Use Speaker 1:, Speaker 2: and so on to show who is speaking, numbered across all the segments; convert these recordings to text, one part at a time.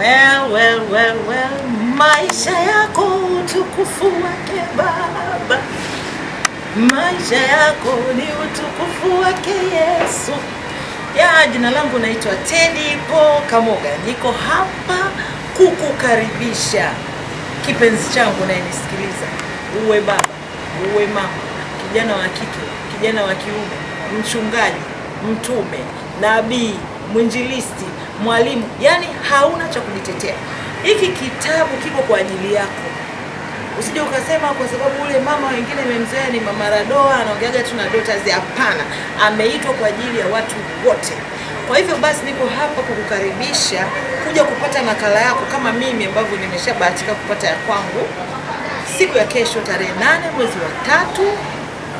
Speaker 1: Well, well, well, well, maisha yako utukufu wake Baba, maisha yako ni utukufu wake Yesu. Ya, jina langu naitwa Teddy Po Kamoga, niko hapa kukukaribisha kipenzi changu nayenisikiliza, uwe baba uwe mama, kijana wa kike, kijana wa kiume, mchungaji, mtume, nabii mwinjilisti, mwalimu, yaani hauna cha kujitetea. Hiki kitabu kiko kwa ajili yako. Usije ukasema kwa sababu ule mama wengine memzoea ni mama Radoa anaongeaga tu na daughters. Hapana, ameitwa kwa ajili ya watu wote. Kwa hivyo basi, niko hapa kukukaribisha kuja kupata nakala yako kama mimi ambavyo nimeshabahatika kupata ya kwangu siku ya kesho tarehe 8 mwezi wa tatu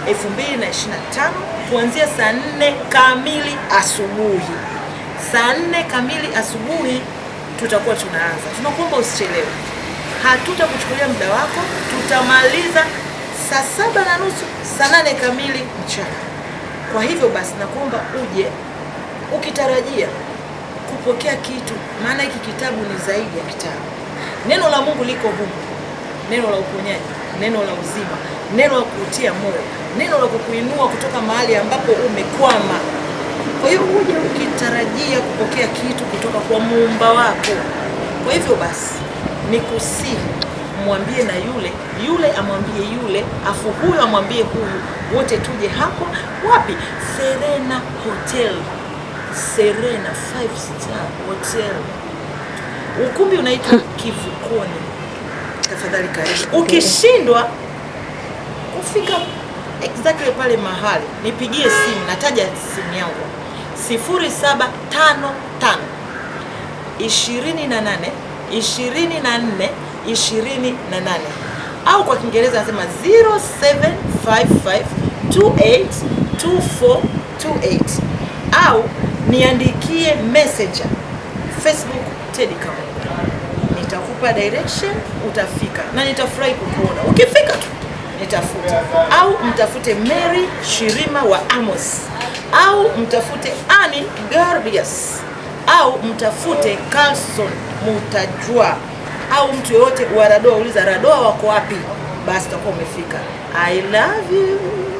Speaker 1: 2025 kuanzia saa nne kamili asubuhi saa nne kamili asubuhi tutakuwa tunaanza. Tunakuomba usichelewe, hatutakuchukulia muda wako, tutamaliza saa saba na nusu saa nane kamili mchana. Kwa hivyo basi, nakuomba uje ukitarajia kupokea kitu, maana hiki kitabu ni zaidi ya kitabu. Neno la Mungu liko humu, neno la uponyaji, neno la uzima, neno la kuutia moyo, neno la kukuinua kutoka mahali ambapo umekwama. Kwa hiyo huja ukitarajia kupokea kitu kutoka kwa muumba wako. Kwa hivyo basi, nikusihi mwambie na yule yule, amwambie yule, afu huyo amwambie huyu, wote tuje hapo. Wapi? Serena Hotel, Serena five star hotel. Ukumbi unaitwa Kivukoni. Tafadhali karibu. Ukishindwa kufika exactly pale mahali, nipigie simu, nataja simu yangu 0755 28 24 28 au kwa Kiingereza nasema 0755 au niandikie messenger Facebook Teddy nitakupa direction, utafika na nitafurahi kukuona ukifika tu nitafute, au mtafute Mary Shirima wa Amos, au mtafute ani Garbias, au mtafute Carlson Mutajua, au mtu yoyote wa Radoa. Uliza Radoa wako wapi, basi utakuwa umefika. I love you.